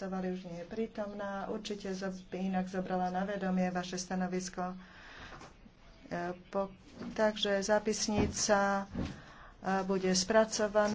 hlasovali, už nie je prítomná. Určite inak zobrala na vedomie vaše stanovisko. E, takže zápisnica e, bude spracovaná.